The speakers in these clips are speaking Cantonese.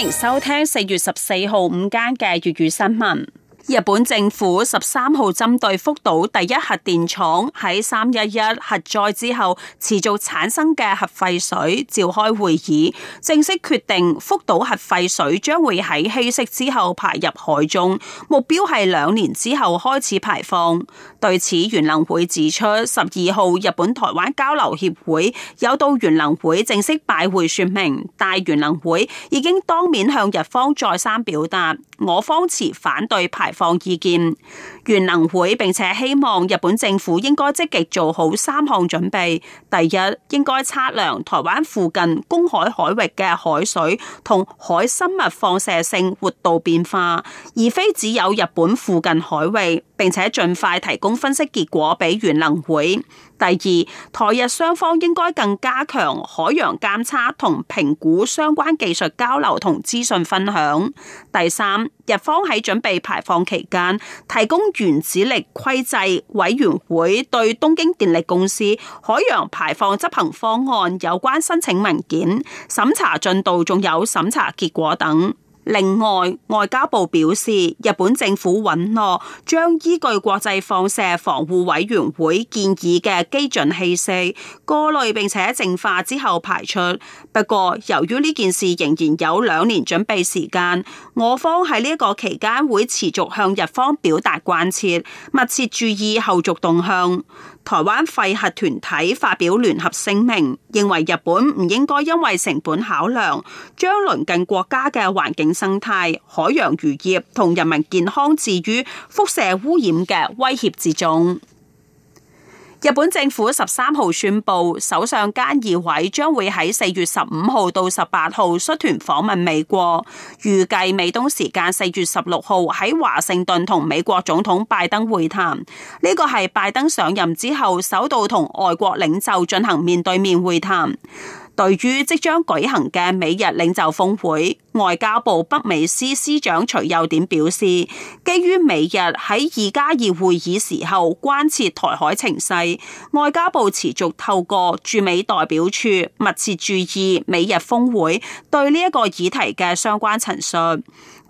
歡迎收聽四月十四號午間嘅粵語新聞。日本政府十三號針對福島第一核電廠喺三一一核災之後持續產生嘅核廢水召開會議，正式決定福島核廢水將會喺稀釋之後排入海中，目標係兩年之後開始排放。對此，原能會指出，十二號日本台灣交流協會有到原能會正式拜會說明，但原能會已經當面向日方再三表達，我方持反對排放放意見原能會，並且希望日本政府應該積極做好三項準備，第一，應該測量台灣附近公海海域嘅海水同海生物放射性活動變化，而非只有日本附近海域。並且盡快提供分析結果俾原能會。第二，台日雙方應該更加強海洋監測同評估相關技術交流同資訊分享。第三，日方喺準備排放期間，提供原子力規制委員會對東京電力公司海洋排放執行方案有關申請文件審查進度，仲有審查結果等。另外，外交部表示，日本政府允諾將依據國際放射防護委員會建議嘅基準稀釋過濾並且淨化之後排出。不過，由於呢件事仍然有兩年準備時間，我方喺呢一個期間會持續向日方表達關切，密切注意後續動向。台灣廢核團體發表聯合聲明，認為日本唔應該因為成本考量，將鄰近國家嘅環境生態、海洋漁業同人民健康置於輻射污染嘅威脅之中。日本政府十三號宣布，首相菅義偉將會喺四月十五號到十八號率團訪問美國，預計美東時間四月十六號喺華盛頓同美國總統拜登會談，呢個係拜登上任之後首度同外國領袖進行面對面會談。對於即將舉行嘅美日領袖峰會，外交部北美司司長徐佑典表示，基於美日喺二加二會議時候關切台海情勢，外交部持續透過駐美代表處密切注意美日峰會對呢一個議題嘅相關陳述。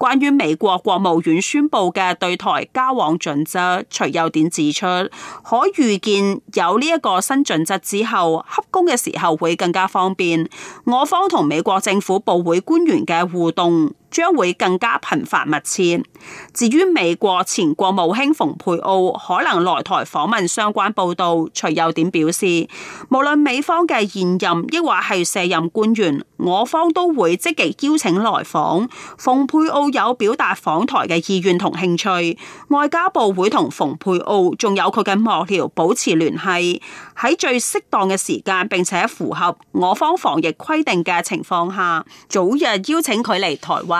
關於美國國務院宣布嘅對台交往準則，徐祐典指出，可預見有呢一個新準則之後，洽公嘅時候會更加方便，我方同美國政府部會官員嘅互動，將會更加頻繁密切。至於美國前國務卿蓬佩奧可能來台訪問，相關報道徐祐典表示，無論美方嘅現任亦或係卸任官員，我方都會積極邀請來訪。蓬佩奧有表達訪台嘅意願同興趣，外交部會同蓬佩奧仲有佢嘅幕僚保持聯繫，喺最適當嘅時間，並且符合我方防疫規定嘅情況下，早日邀請佢嚟台灣。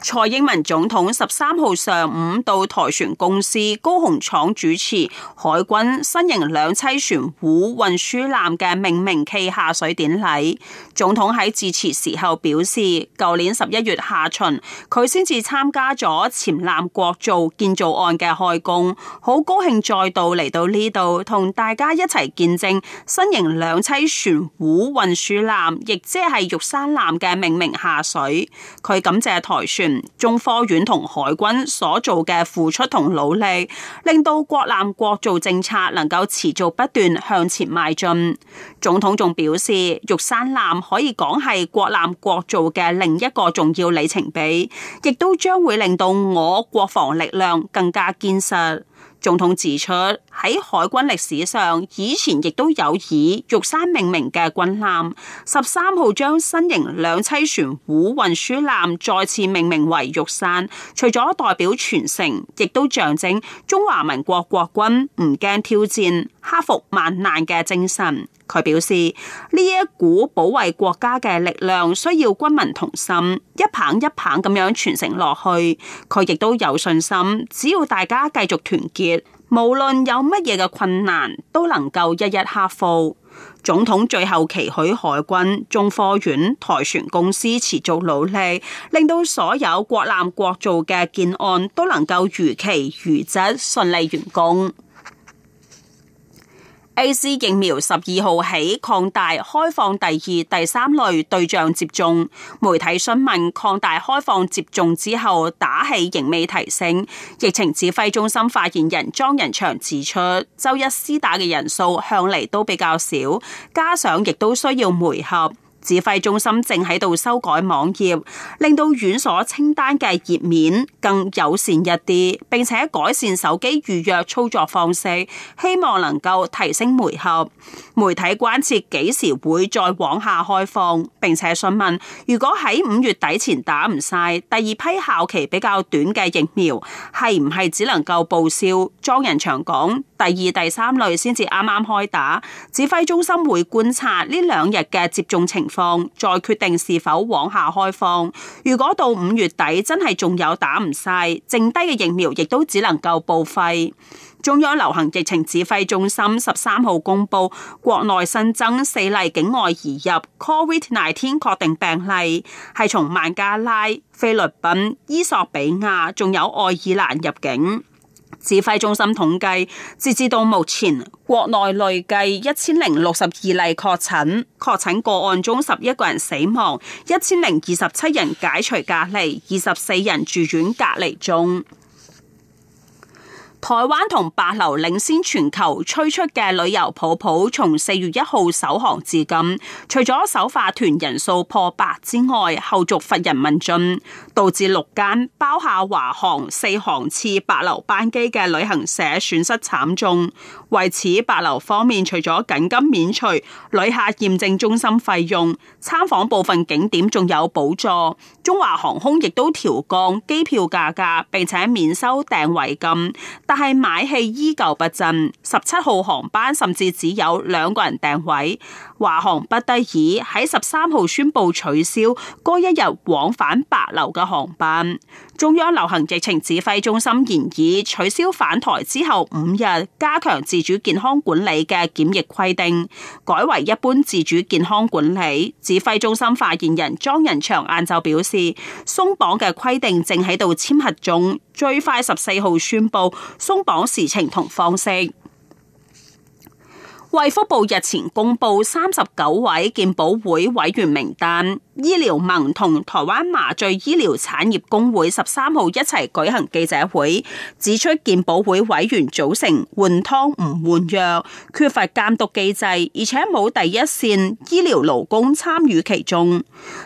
蔡英文總統十三號上午到台船公司高雄廠主持海軍新型兩棲船塢運輸艦嘅命名暨下水典禮。總統喺致辭時候表示，舊年十一月下旬佢先至參加咗潛艦國造建造案嘅開工，好高興再度嚟到呢度同大家一齊見證新型兩棲船塢運輸艦，亦即係玉山艦嘅命名下水。佢感謝台船。中科院同海軍所做嘅付出同努力，令到國艦國造政策能夠持續不斷向前邁進。總統仲表示，玉山艦可以講係國艦國造嘅另一個重要里程碑，亦都將會令到我國防力量更加堅實。總統指出。喺海軍歷史上，以前亦都有以玉山命名嘅軍艦。十三號將新型兩棲船塢運輸艦再次命名為玉山，除咗代表傳承，亦都象徵中華民國國軍唔驚挑戰、克服萬難嘅精神。佢表示，呢一股保衛國家嘅力量需要軍民同心，一棒一棒咁樣傳承落去。佢亦都有信心，只要大家繼續團結，無論有乜嘢嘅困難，都能夠一一克服。總統最後期許海軍、中科院、台船公司持續努力，令到所有國艦國造嘅建案都能夠如期如質順利完工。A. C. 疫苗十二號起擴大開放第二、第三類對象接種。媒體詢問擴大開放接種之後，打氣仍未提升，疫情指揮中心發言人莊人祥指出，周一施打嘅人數向嚟都比較少，加上亦都需要配合。指揮中心正喺度修改網頁，令到院所清單嘅頁面更友善一啲，並且改善手機預約操作方式，希望能夠提升媒合。媒體關切幾時會再往下開放，並且詢問如果喺五月底前打唔晒第二批效期比較短嘅疫苗，係唔係只能夠報廢？莊人祥講。第二、第三類先至啱啱開打，指揮中心會觀察呢兩日嘅接種情況，再決定是否往下開放。如果到五月底真係仲有打唔晒，剩低嘅疫苗亦都只能夠報廢。中央流行疫情指揮中心十三號公佈，國內新增四例境外移入 COVID-19 確定病例，係從孟加拉、菲律賓、衣索比亞仲有愛爾蘭入境。指揮中心統計，截至到目前，國內累計一千零六十二例確診，確診個案中十一個人死亡，一千零二十七人解除隔離，二十四人住院隔離中。台灣同帛琉領先全球推出嘅旅遊泡泡，從四月一號首航至今，除咗首發團人數破百之外，後續乏人問津，導致六間包下華航四航次帛琉班機嘅旅行社損失慘重。為此，帛琉方面除咗緊急免除旅客驗證中心費用、參訪部分景點仲有補助，中華航空亦都調降機票價格，並且免收訂位金。但係買氣依舊不振，十七號航班甚至只有兩個人訂位。華航不得已喺十三號宣布取消嗰一日往返帛琉嘅航班。中央流行疫情指揮中心現已取消返台之後五日加強自主健康管理嘅檢疫規定，改為一般自主健康管理。指揮中心發言人莊人祥晏晝表示，鬆綁嘅規定正喺度簽核中，最快十四號宣布鬆綁時程同方式。衛福部日前公布三十九位健保會委員名單。醫療盟同台灣麻醉醫療產業工會十三號一齊舉行記者會，指出健保會委員組成換湯唔換藥，缺乏監督機制，而且冇第一線醫療勞工參與其中。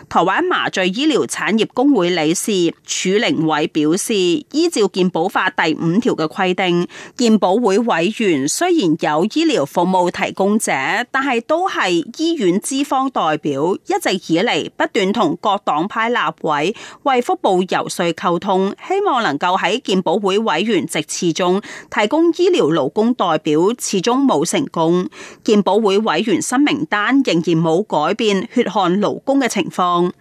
台灣麻醉醫療產業工會理事褚玲偉表示，依照健保法第五條嘅規定，健保會委員雖然有醫療服務提供者，但係都係醫院資方代表，一直以嚟不斷同各黨派立委、衛福部遊說溝通，希望能夠喺健保會委員席次中提供醫療勞工代表，始終冇成功。健保會委員新名單仍然冇改變血汗勞工嘅情況。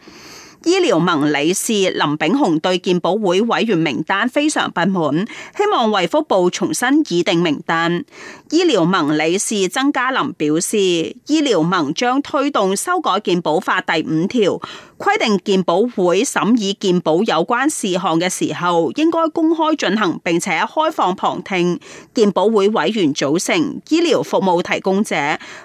醫療盟理事林炳雄對健保會委員名單非常不滿，希望衛福部重新擬定名單。醫療盟理事曾家林表示，醫療盟將推動修改健保法第五條，規定健保會審議健保有關事項嘅時候應該公開進行，並且開放旁聽。健保會委員組成，醫療服務提供者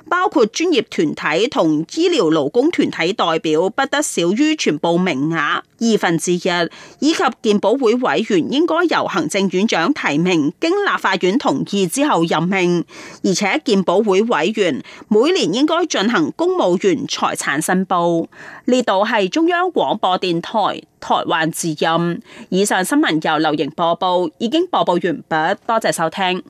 包括專業團體同醫療勞工團體代表，不得少於全部報名額二分之一，以及健保會委員應該由行政院長提名，經立法院同意之後任命。而且健保會委員每年應該進行公務員財產申報。呢度係中央廣播電台台灣之音。以上新聞由劉瑩播報，已經播報完畢，多謝收聽。